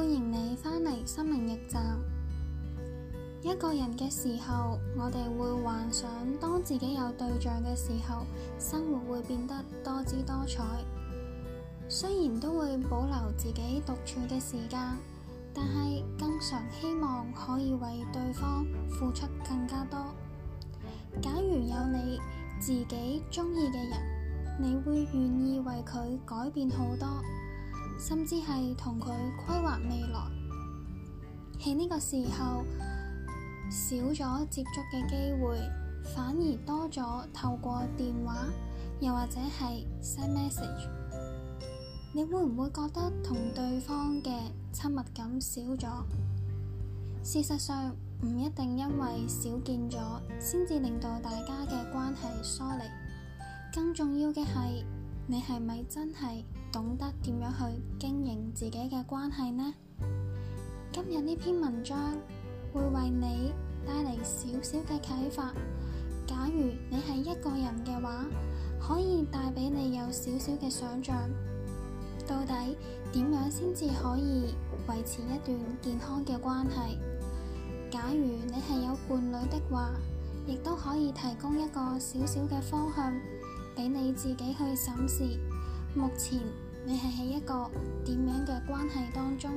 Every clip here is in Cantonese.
歡迎你返嚟心靈驛站。一個人嘅時候，我哋會幻想當自己有對象嘅時候，生活會變得多姿多彩。雖然都會保留自己獨處嘅時間，但係更常希望可以為對方付出更加多。假如有你自己中意嘅人，你會願意為佢改變好多。甚至係同佢規劃未來，喺呢個時候少咗接觸嘅機會，反而多咗透過電話，又或者係 send message，你會唔會覺得同對方嘅親密感少咗？事實上唔一定因為少見咗先至令到大家嘅關係疏離，更重要嘅係你係咪真係？懂得點樣去經營自己嘅關係呢？今日呢篇文章會為你帶嚟少少嘅啟發。假如你係一個人嘅話，可以帶俾你有少少嘅想象。到底點樣先至可以維持一段健康嘅關係？假如你係有伴侶的話，亦都可以提供一個小小嘅方向俾你自己去審視。目前你係喺一個點樣嘅關係當中，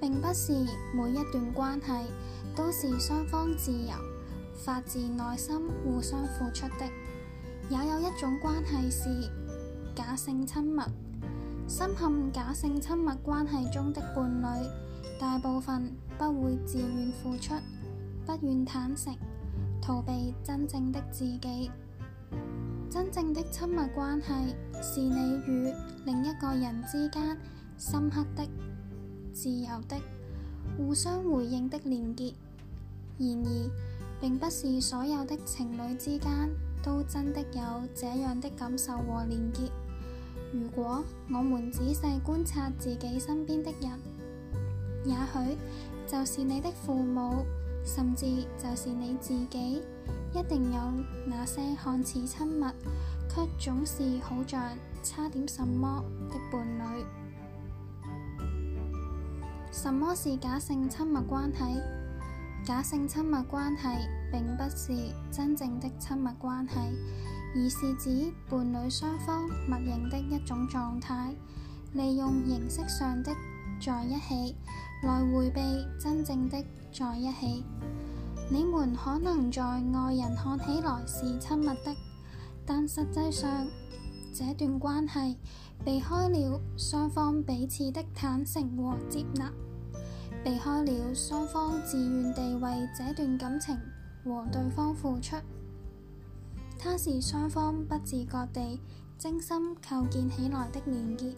並不是每一段關係都是雙方自由發自內心互相付出的，也有一種關係是假性親密。深陷假性親密關係中的伴侶，大部分不會自願付出，不願坦誠，逃避真正的自己。真正的親密關係是你與另一個人之間深刻的、自由的、互相回應的連結。然而，並不是所有的情侶之間都真的有這樣的感受和連結。如果我們仔細觀察自己身邊的人，也許就是你的父母，甚至就是你自己。一定有那些看似親密，卻總是好像差點什麼的伴侶。什麼是假性親密關係？假性親密關係並不是真正的親密關係，而是指伴侶雙方默認的一種狀態，利用形式上的在一起，來回避真正的在一起。你們可能在外人看起來是親密的，但實際上這段關係避開了雙方彼此的坦誠和接納，避開了雙方自願地為這段感情和對方付出。它是雙方不自覺地精心構建起來的連結，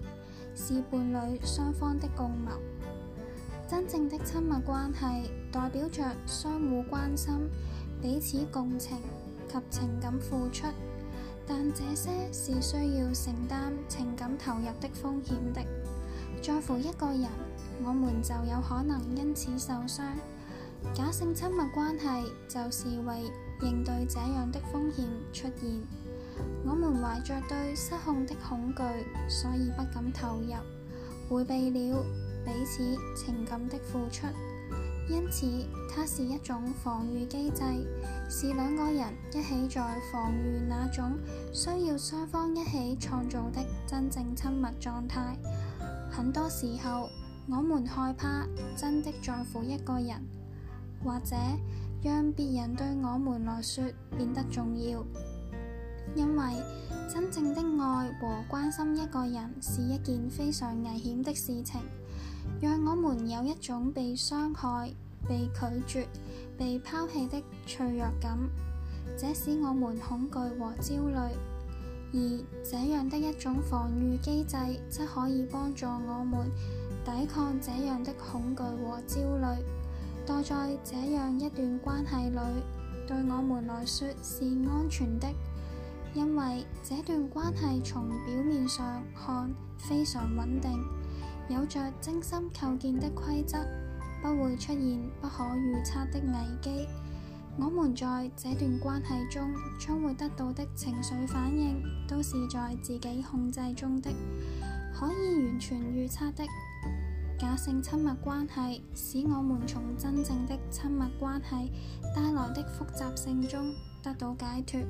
是伴侶雙方的共謀。真正的親密關係。代表着相互關心、彼此共情及情感付出，但這些是需要承擔情感投入的風險的。在乎一個人，我們就有可能因此受傷。假性親密關係就是為應對這樣的風險出現。我們懷着對失控的恐懼，所以不敢投入，回避了彼此情感的付出。因此，它是一種防禦機制，是兩個人一起在防禦那種需要雙方一起創造的真正親密狀態。很多時候，我們害怕真的在乎一個人，或者讓別人對我們來說變得重要，因為真正的愛和關心一個人是一件非常危險的事情。讓我們有一種被傷害、被拒絕、被拋棄的脆弱感，這使我們恐懼和焦慮。而這樣的一種防御機制，則可以幫助我們抵抗這樣的恐懼和焦慮。待在這樣一段關係裏，對我們來說是安全的，因為這段關係從表面上看非常穩定。有着精心構建的規則，不會出現不可預測的危機。我們在這段關係中將會得到的情緒反應，都是在自己控制中的，可以完全預測的。假性親密關係使我們從真正的親密關係帶來的複雜性中得到解脱。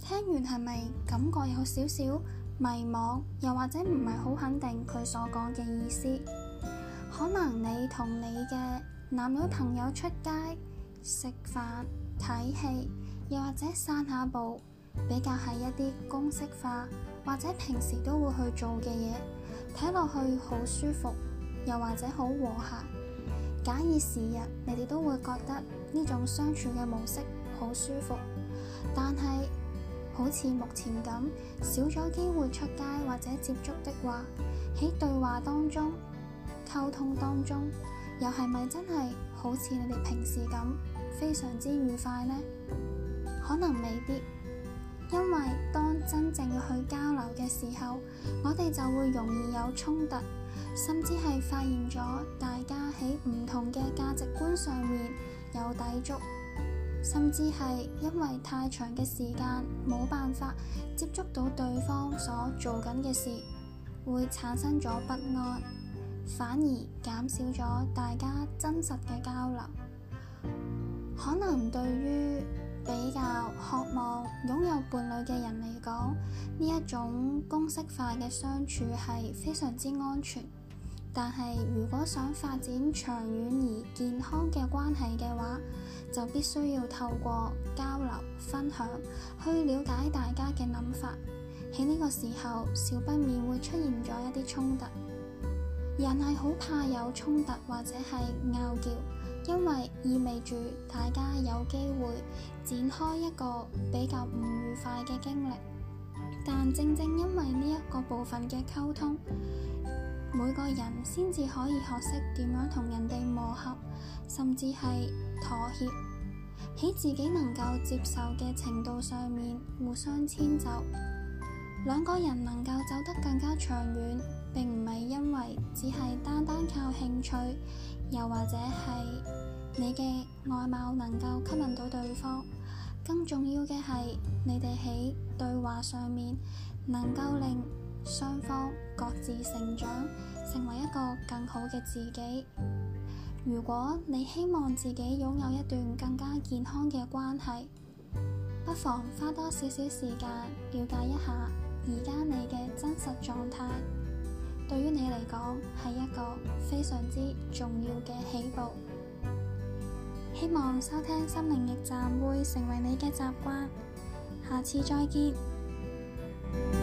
聽完係咪感覺有少少？迷茫，又或者唔係好肯定佢所講嘅意思。可能你同你嘅男女朋友出街食飯、睇戲，又或者散下步，比較係一啲公式化，或者平時都會去做嘅嘢，睇落去好舒服，又或者好和諧。假以時日，你哋都會覺得呢種相處嘅模式好舒服，但係好似目前咁少咗機會出街或者接觸的話，喺對話當中、溝通當中，又係咪真係好似你哋平時咁非常之愉快呢？可能未必，因為當真正去交流嘅時候，我哋就會容易有衝突，甚至係發現咗大家喺唔同嘅價值觀上面有抵觸。甚至係因為太長嘅時間，冇辦法接觸到對方所做緊嘅事，會產生咗不安，反而減少咗大家真實嘅交流。可能對於比較渴望擁有伴侶嘅人嚟講，呢一種公式化嘅相處係非常之安全。但係，如果想發展長遠而健康嘅關係嘅話，就必須要透過交流、分享去了解大家嘅諗法。喺呢個時候，少不免會出現咗一啲衝突。人係好怕有衝突或者係拗撬，因為意味住大家有機會展開一個比較唔愉快嘅經歷。但正正因為呢一個部分嘅溝通。每個人先至可以學識點樣同人哋磨合，甚至係妥協，喺自己能夠接受嘅程度上面互相遷就，兩個人能夠走得更加長遠，並唔係因為只係單單靠興趣，又或者係你嘅外貌能夠吸引到對方，更重要嘅係你哋喺對話上面能夠令雙方。各自成長，成為一個更好嘅自己。如果你希望自己擁有一段更加健康嘅關係，不妨花多少少時間了解一下而家你嘅真實狀態，對於你嚟講係一個非常之重要嘅起步。希望收聽心靈驛站會成為你嘅習慣，下次再見。